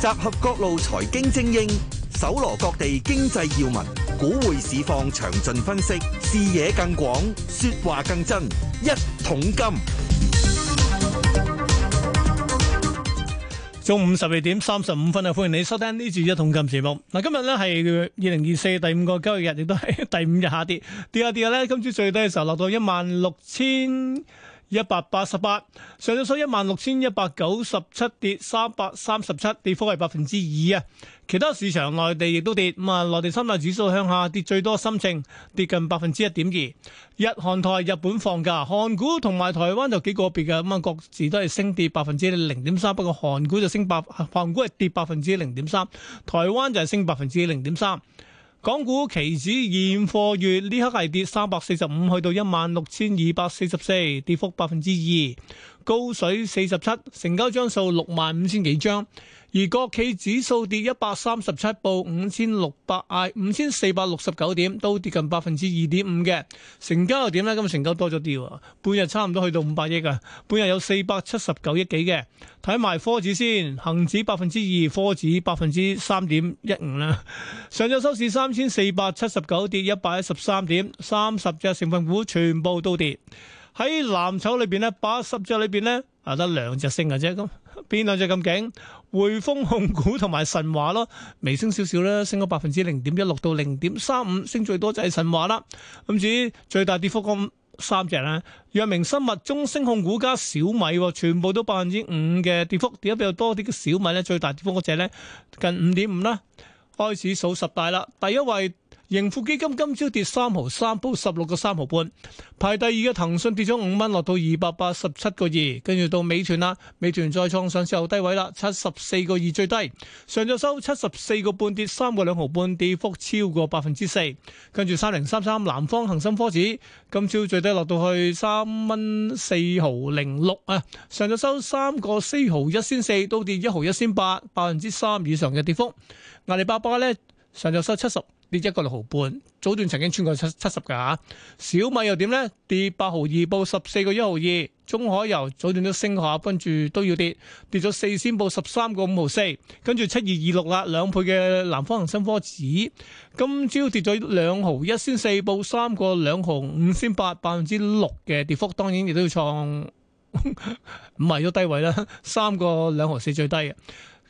集合各路財經精英，搜羅各地經濟要聞，股匯市況詳盡分析，視野更廣，說話更真。一桶金。中午十二點三十五分啊，歡迎你收聽呢節一桶金節目。嗱，今日咧係二零二四第五個交易日，亦都係第五日下跌，跌下跌下咧，今朝最低嘅時候落到一萬六千。一百八十八，上咗數一萬六千一百九十七，跌三百三十七，跌幅為百分之二啊。其他市場內地亦都跌咁啊。內地三大指數向下，跌最多，深證跌近百分之一點二。日韓台，日本放假，韓股同埋台灣就幾個別嘅咁啊，各自都係升跌百分之零點三。不過韓股就升百，韓股係跌百分之零點三，台灣就係升百分之零點三。港股期指現貨月呢刻係跌三百四十五，去到一萬六千二百四十四，跌幅百分之二，高水四十七，成交張數六萬五千幾張。而國企指數，跌一百三十七，報五千六百五五千四百六十九點，都跌近百分之二點五嘅。成交又點呢？今日成交多咗啲，半日差唔多去到五百億呀，半日有四百七十九億幾嘅。睇埋科指先，恒指百分之二，科指百分之三點一五啦。上晝收市三千四百七十九，跌一百一十三點，三十隻成分股全部都跌。喺藍籌裏邊呢，八十隻裏邊呢，啊得兩隻升嘅啫咁。邊兩隻咁勁？匯豐控股同埋神華咯，微升少少啦，升咗百分之零點一六到零點三五，升最多就係神華啦。咁至於最大跌幅咁三隻咧，藥明生物、中升控股加小米，全部都百分之五嘅跌幅，跌得比較多啲嘅小米咧，最大跌幅嗰隻咧近五點五啦。開始數十大啦，第一位。盈富基金今朝跌三毫三，報十六個三毫半，排第二嘅騰訊跌咗五蚊，落到二百八十七個二。跟住到美團啦，美團再創上市後低位啦，七十四個二最低，上晝收七十四個半，跌三個兩毫半，跌幅超過百分之四。跟住三零三三南方恒生科指今朝最低落到去三蚊四毫零六啊，上晝收三個四毫一仙四，都跌一毫一仙八，百分之三以上嘅跌幅。阿里巴巴呢上晝收七十。1> 跌一個六毫半，早段曾經穿過七七十嘅嚇。小米又點咧？跌八毫二，報十四個一毫二。中海油早段都升下，跟住都要跌，跌咗四仙報十三個五毫四。跟住七二二六啦，兩倍嘅南方恒生科指，今朝跌咗兩毫一仙四報三個兩毫五仙八，百分之六嘅跌幅，當然亦都要創唔係都低位啦，三個兩毫四最低嘅。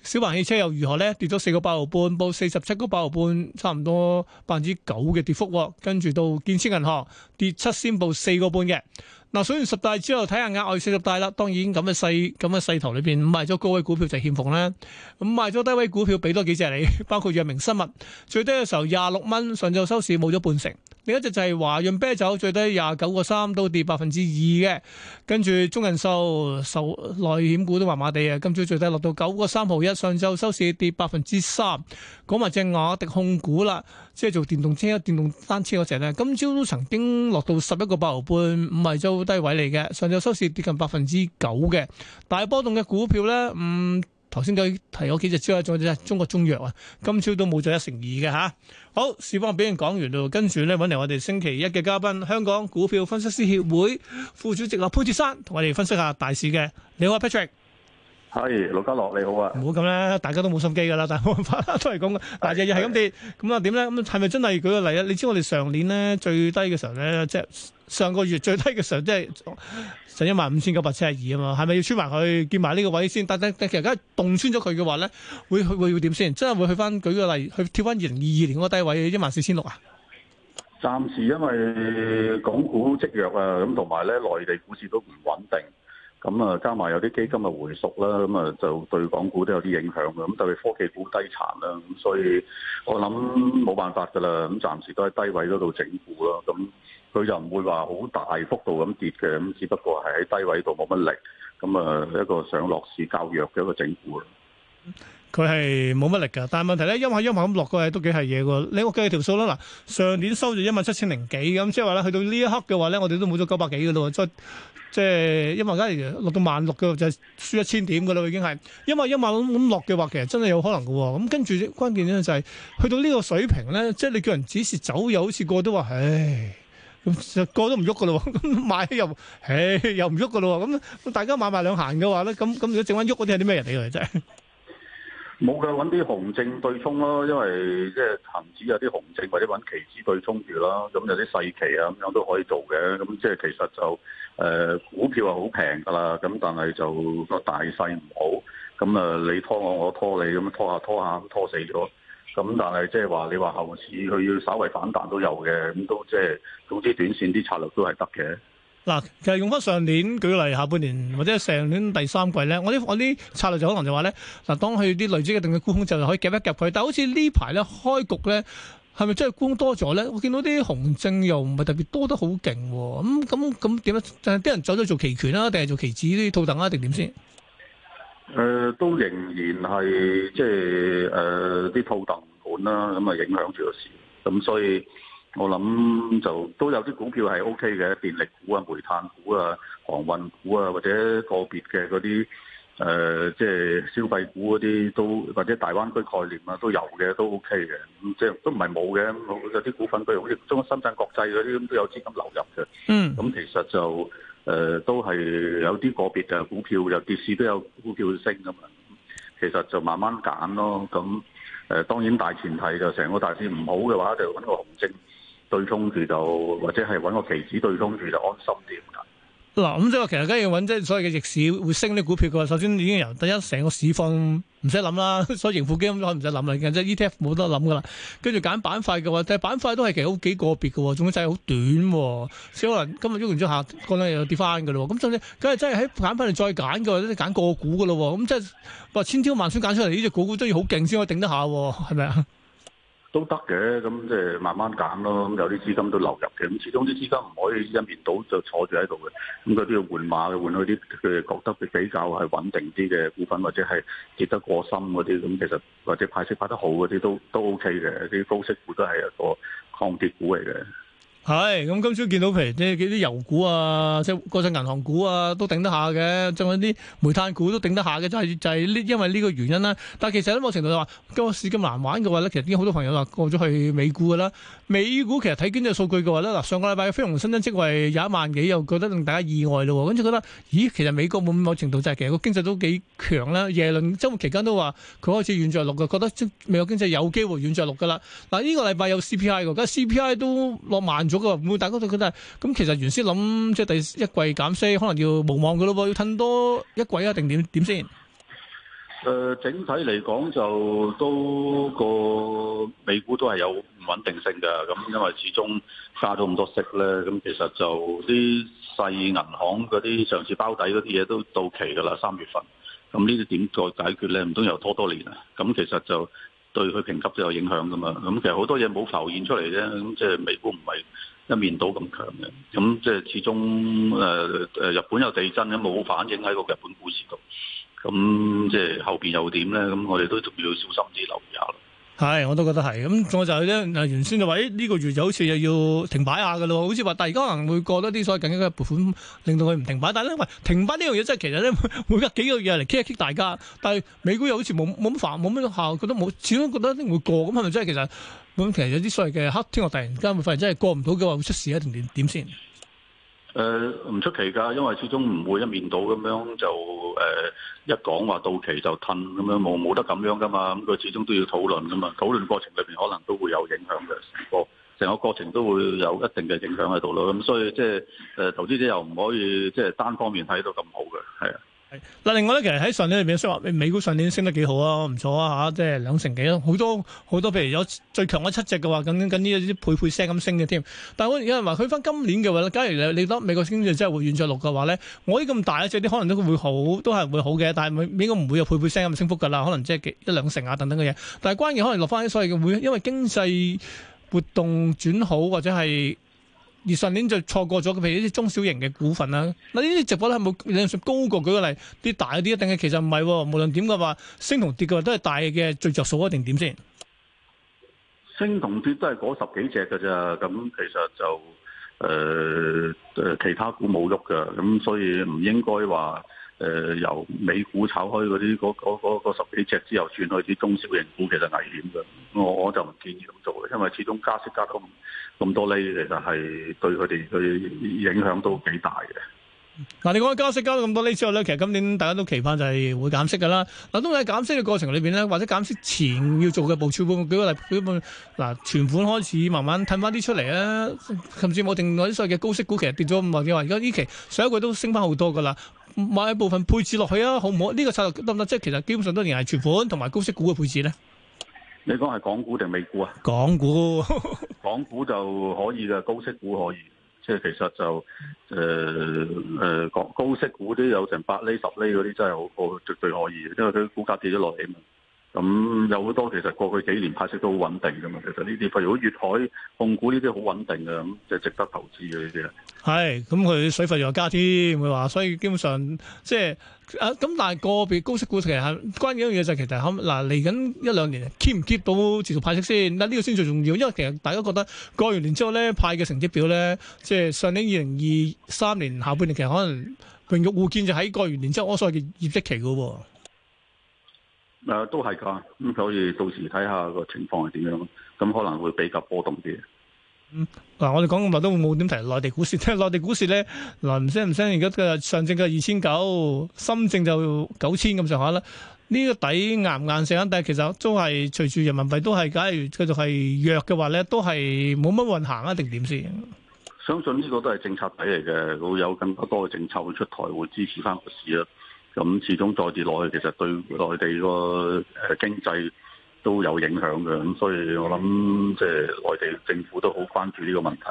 小鵬汽車又如何呢？跌咗四個八毫半，報四十七個八毫半，差唔多百分之九嘅跌幅。跟住到建設銀行跌七仙報四個半嘅。嗱，數完十大之後睇下額外四十大啦，當然咁嘅勢咁嘅勢頭裏邊，賣咗高位股票就欠奉啦，咁賣咗低位股票俾多幾隻你，包括藥明生物最低嘅時候廿六蚊，上晝收市冇咗半成，另一隻就係華潤啤酒最低廿九個三，都跌百分之二嘅，跟住中人壽壽內險股都麻麻地啊，今朝最低落到九個三毫一，上晝收市跌百分之三，講埋隻雅迪控股啦。即係做電動車、電動單車嗰隻咧，今朝都曾經落到十一個八毫半唔係周低位嚟嘅，上晝收市跌近百分之九嘅大波動嘅股票咧。嗯，頭先都提咗幾隻之後，仲有中國中藥啊，今朝都冇咗一成二嘅吓。好，市況表現講完度，跟住咧揾嚟我哋星期一嘅嘉賓，香港股票分析師協會副主席阿潘鐵珊，同我哋分析下大市嘅。你好，Patrick。係，陸、hey, 家樂你好啊！唔好咁啦，大家都冇心機噶啦，都係咁噶，hey, 但係日日係咁跌，咁啊點咧？咁係咪真係？舉個例啊，你知我哋上年咧最低嘅時候咧，即係上個月最低嘅時候，即係成一萬五千九百七十二啊嘛，係咪要穿埋佢，見埋呢個位先？但等其實而家凍穿咗佢嘅話咧，會會會點先？真係會去翻？舉個例，去跳翻二零二二年嗰個低位，一萬四千六啊？暫時因為港股積弱啊，咁同埋咧內地股市都唔穩定。咁啊，加埋有啲基金啊回縮啦，咁啊就對港股都有啲影響啦。咁特別科技股低殘啦，咁所以我諗冇辦法噶啦。咁暫時都喺低位嗰度整固啦。咁佢就唔會話好大幅度咁跌嘅。咁只不過係喺低位度冇乜力。咁啊一個上落市較弱嘅一個整固咯。佢係冇乜力噶。但係問題咧，一晚一晚咁落過去都幾係嘢喎。你我計條數啦。嗱，上年收咗一萬七千零幾咁，即係話咧去到呢一刻嘅話咧，我哋都冇咗九百幾噶啦喎。即係一萬，假如落到萬六嘅就輸一千點㗎喇，已經係。因為一萬咁落嘅話，其實真係有可能嘅。咁跟住關鍵咧就係、是、去到呢個水平咧，即、就、係、是、你叫人指示走又好似過都話，唉，咁實過都唔喐㗎咯。咁 買又唉又唔喐㗎咯。咁大家買賣兩行嘅話咧，咁咁如果剩翻喐嗰啲係啲咩人嚟嘅？真係 冇嘅，揾啲紅證對沖咯，因為即係恆指有啲紅證或者揾期指對沖住囉，咁、嗯、有啲細期啊咁樣都可以做嘅，咁即係其實就誒、呃、股票係好平㗎啦，咁但係就個大勢唔好，咁、嗯、啊你拖我，我拖你，咁拖下拖下，拖死咗，咁、嗯、但係即係話你話後市佢要稍微反彈都有嘅，咁、嗯、都即、就、係、是、總之短線啲策略都係得嘅。嗱，其實用翻上年舉例，下半年或者成年第三季咧，我啲我啲策略就可能就話咧，嗱，當佢啲累積一定嘅沽空就，可以夾一夾佢。但係好似呢排咧，開局咧，係咪真係沽空多咗咧？我見到啲熊證又唔係特別多得好勁喎。咁咁咁點樣？就係啲人走咗做期權啦，定係做期指啲套戥啊，定點先？誒，都仍然係即係誒啲套戥盤啦，咁啊影響住個市，咁所以。我諗就都有啲股票係 O K 嘅，電力股啊、煤炭股啊、航運股啊，或者個別嘅嗰啲，誒、呃，即、就、係、是、消費股嗰啲都，或者大灣區概念啊都有嘅，都 O K 嘅，咁即係都唔係冇嘅，有啲股份佢好似，中國深圳國際嗰啲咁都有資金流入嘅。嗯。咁其實就誒、呃、都係有啲個別嘅股票，有跌市都有股票升㗎嘛。其實就慢慢揀咯，咁誒，當然大前提就成個大市唔好嘅話，就揾個紅針。對沖住就，或者係揾個期指對沖住就安心啲嗱，咁即係話其實梗係要揾即係所謂嘅逆市會升啲股票嘅話，首先已經由第一成個市況唔使諗啦，所以盈富基金都唔使諗啦，而家即係 ETF 冇得諗㗎啦。跟住揀板塊嘅話，但係板塊都係其實好幾個別嘅，總之就係好短，所以可能今日喐完咗下，兩日又跌翻㗎咯。咁所以梗係真係喺揀翻嚟再揀嘅，都揀個個股㗎咯。咁即係話千挑萬選揀出嚟呢隻股股都要好勁先可以頂得下，係咪啊？都得嘅，咁即係慢慢減咯。咁有啲資金都流入嘅，咁始終啲資金唔可以一面倒就坐住喺度嘅。咁佢都要換馬嘅，換去啲佢哋覺得比較係穩定啲嘅股份，或者係跌得過深嗰啲。咁其實或者派息派得好嗰啲都都 OK 嘅，啲高息股都係一個抗跌股嚟嘅。係，咁、 嗯、今朝見到譬如，即係幾啲油股啊，即係國際銀行股啊，都頂得下嘅，仲有啲煤炭股都頂得下嘅，就係、是、就係、是、呢，因為呢個原因啦。但係其實喺某程度就話，今個市咁難玩嘅話咧，其實已經好多朋友話過咗去美股噶啦。美股其實睇經濟數據嘅話咧，嗱，上個禮拜非常新增職位有一萬幾，又覺得令大家意外咯，跟住覺得咦，其實美國冇某程度就係其實個經濟都幾強啦。耶倫周末期間都話佢開始軟着陸嘅，覺得美國經濟有機會軟着陸噶啦。嗱、這、呢個禮拜有 CPI 喎，而家 CPI 都落萬。唔咁其實原先諗即係第一季減息，可能要無望嘅咯喎，要褪多一季啊，定點點先？誒，整體嚟講就都個美股都係有唔穩定性嘅，咁因為始終加咗咁多息咧，咁其實就啲細銀行嗰啲上次包底嗰啲嘢都到期嘅啦，三月份，咁呢啲點再解決咧？唔通又拖多年啊？咁其實就。對佢評級都有影響噶嘛，咁其實好多嘢冇浮現出嚟啫，咁即係美股唔係一面倒咁強嘅，咁即係始終誒誒日本有地震咁冇反映喺個日本股市度，咁即係後邊又點咧？咁我哋都都要小心啲留意下。係、嗯，我都覺得係。咁我就咧，原先就話，呢個月就好似又要停擺下嘅咯，好似話，但係而家可能會過多啲所謂緊急嘅撥款，令到佢唔停擺。但係咧，喂停擺呢樣嘢真係其實咧，每隔幾個月嚟激一激大家。但係美股又好似冇冇乜煩，冇乜效，覺得冇，始終覺得會過咁係咪真係其實？咁其實有啲所謂嘅黑天鵝突然間會發現真係過唔到嘅話，會出事啊定點點先？誒，唔出奇噶，因為始終唔會一面倒咁樣就誒一講話到期就褪咁樣，冇冇得咁樣噶嘛。咁佢始終都要討論噶嘛，討論過程裏邊可能都會有影響嘅成個，成個過程都會有一定嘅影響喺度咯。咁所以即係誒，投資者又唔可以即係單方面睇到咁好嘅，係啊。嗱，另外咧，其實喺上年入面，雖然話美股上年升得幾好錯啊，唔錯啊吓，即係兩成幾咯，好多好多，譬如有最強嗰七隻嘅話，緊緊呢啲配配聲咁升嘅添。但係我有人話，佢翻今年嘅話，假如你你得美國經濟真係會軟着陸嘅話咧，我呢咁大一隻，啲可能都會好，都係會好嘅。但係美國唔會有配配聲咁升幅噶啦，可能即係幾一兩成啊等等嘅嘢。但係關鍵可能落翻啲所謂嘅，會因為經濟活動轉好或者係。而上年就錯過咗，譬如啲中小型嘅股份啦，嗱呢啲直播咧係冇理論上高過舉，舉個例跌大啲，一定係其實唔係，無論點嘅話升同跌嘅話都係大嘅最着數一定點先？升同跌，跌都係嗰十幾隻噶咋，咁其實就誒誒、呃、其他股冇喐噶，咁所以唔應該話。誒、呃、由美股炒開嗰啲嗰十幾隻之後轉去啲中小型股，其實危險㗎。我我就唔建議咁做嘅，因為始終加息加咁咁多厘，其實係對佢哋嘅影響都幾大嘅。嗱、嗯，嗯、你講加息加咗咁多厘之後呢，其實今年大家都期盼就係會減息㗎啦。嗱、啊，都喺減息嘅過程裏邊呢，或者減息前要做嘅部署，會唔會舉個例子？舉個嗱存款開始慢慢褪翻啲出嚟咧，甚至冇定嗰啲所謂嘅高息股，其實跌咗五萬幾萬。而家呢期上一季都升翻好多㗎啦。買部分配置落去啊，好唔好？呢、這個策略得唔得？即係其實基本上都仍然係存款同埋高息股嘅配置咧。你講係港股定美股啊？港股，港股就可以嘅，高息股可以。即係其實就誒誒、呃呃，高息股啲有成百厘十厘嗰啲真係好，絕對可以。因為佢股價跌咗落嚟，嘛、嗯。咁有好多其實過去幾年派息都好穩定噶嘛。其實呢啲譬如如粵海控股呢啲好穩定嘅，咁就是、值得投資嘅呢啲。係，咁佢、哎、水費又加添，佢話所以基本上即係，啊咁但係個別高息股其實關鍵一樣嘢就其實，嗱嚟緊一兩年，keep 唔 keep 到持續派息先，嗱、啊、呢、這個先最重要，因為其實大家覺得過完年之後咧派嘅成績表咧，即係上年二零二三年下半年其實可能榮辱互見就喺過完年之後我所謂嘅業績期噶喎、啊。誒、啊，都係噶，咁所以到時睇下個情況係點樣，咁可能會比較波動啲。嗯，嗱，我哋講咁耐都冇點提內地股市，即係內地股市咧，嗱唔聲唔聲而家嘅上證嘅二千九，深證就九千咁上下啦。呢個底硬唔硬性啊？但係其實都係隨住人民幣都係，假如繼續係弱嘅話咧，都係冇乜運行啊？定點先？相信呢個都係政策底嚟嘅，會有更加多嘅政策會出台，會支持翻個市啦。咁始終再跌落去，其實對內地個誒經濟。都有影響嘅，咁所以我諗即係內地政府都好關注呢個問題，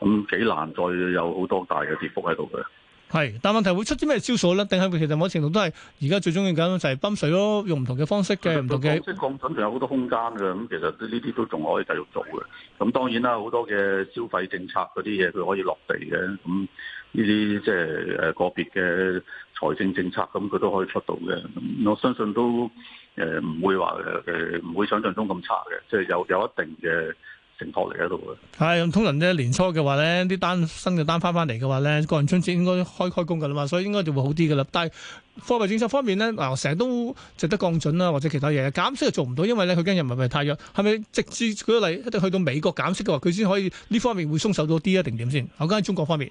咁幾難再有好多大嘅跌幅喺度嘅。係，但問題會出啲咩招數咧？定係其實某程度都係而家最中意緊就係泵水咯，用唔同嘅方式嘅唔同嘅。即係降準仲有好多空間嘅，咁其實呢啲都仲可以繼續做嘅。咁當然啦，好多嘅消費政策嗰啲嘢佢可以落地嘅。咁呢啲即係誒個別嘅財政政策咁，佢都可以出到嘅。我相信都。誒，唔、呃、會話誒誒，唔、呃、會想象中咁差嘅，即係有有一定嘅承托嚟喺度嘅係。通常咧年初嘅話咧，啲單新嘅單翻翻嚟嘅話咧，過年春節應該開開工噶啦嘛，所以應該就會好啲噶啦。但係貨幣政策方面咧，嗱、啊、成日都值得降準啦、啊，或者其他嘢減息又做唔到，因為咧佢驚人民幣唔係太弱，係咪？直至舉個例，一直去到美國減息嘅話，佢先可以呢方面會鬆手到啲啊？定點先？我講喺中國方面。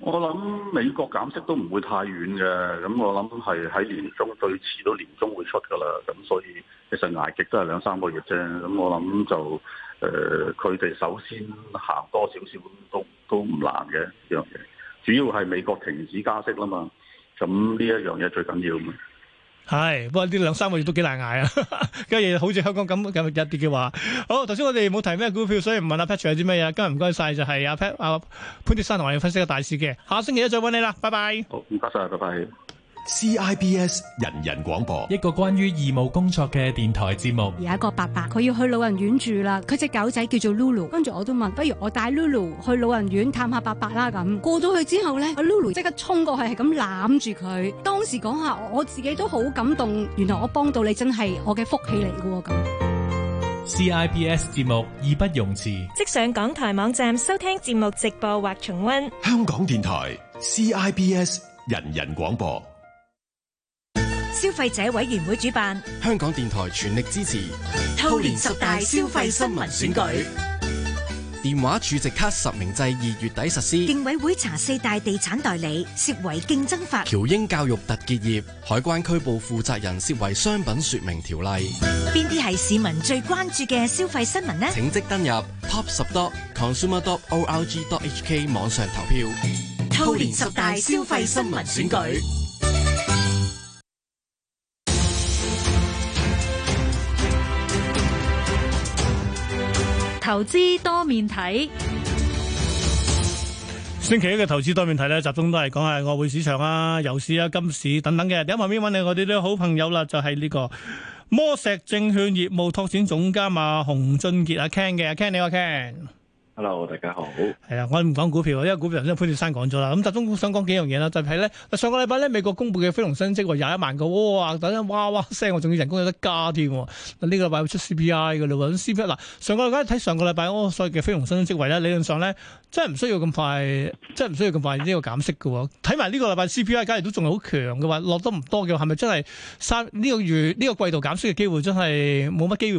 我諗美國減息都唔會太遠嘅，咁我諗係喺年中最遲都年中會出噶啦，咁所以其實挨極都係兩三個月啫，咁我諗就誒，佢哋首先行多少少都都唔難嘅呢樣嘢，主要係美國停止加息啦嘛，咁呢一樣嘢最緊要。係，不過呢兩三個月都幾難捱啊！跟 住好似香港咁咁一啲嘅話，好，頭先我哋冇提咩股票，所以唔問阿 Pat 有啲咩啊。今日唔該晒就係阿 Pat 阿潘鐵珊同我要分析個大市嘅，下星期一再揾你啦，拜拜。好，唔該晒，拜拜。CIBS 人人廣播，一個關於義務工作嘅電台節目。而有一個伯伯，佢要去老人院住啦。佢隻狗仔叫做 Lulu。跟住我都問，不如我帶 Lulu 去老人院探下伯伯啦。咁過到去之後咧，阿 Lulu 即刻衝過去係咁攬住佢。當時講下我自己都好感動，原來我幫到你真係我嘅福氣嚟嘅咁。CIBS 節目義不容辭，即上港台網站收聽節目直播或重溫香港電台 CIBS 人人廣播。消費者委員會主辦，香港電台全力支持。兔年十大消費新聞選舉，電話儲值卡實名制二月底實施。競委會查四大地產代理，涉違競爭法。喬英教育特結業，海關拘捕負責人，涉違商品說明條例。邊啲係市民最關注嘅消費新聞呢？請即登入 top10.consumer.org.hk 網上投票。兔年十大消費新聞選舉。投資多面睇，星期一嘅投資多面睇咧，集中都係講係外匯市場啊、油市啊、金市等等嘅。喺旁邊揾你我啲都好朋友啦，就係、是、呢個魔石證券業務拓展總監啊，洪俊傑啊，Ken 嘅，Ken 你個、啊、Ken。hello，大家好。係啊，我唔講股票，因為股票就都潘鐵珊講咗啦。咁集中想講幾樣嘢啦，就係、是、咧上個禮拜咧美國公布嘅非農新職位廿一萬個，哇！等然哇哇聲，我仲要人工有得加添。嗱，呢個禮拜會出 CPI 嘅啦，咁 CPI 嗱上個禮拜睇上個禮拜哦，所謂嘅非農新職位咧，理論上咧真係唔需要咁快，真係唔需要咁快呢個減息嘅。睇埋呢個禮拜 CPI，假如都仲係好強嘅話，落得唔多嘅，係咪真係三呢、這個月呢、這個季度減息嘅機會真係冇乜機會？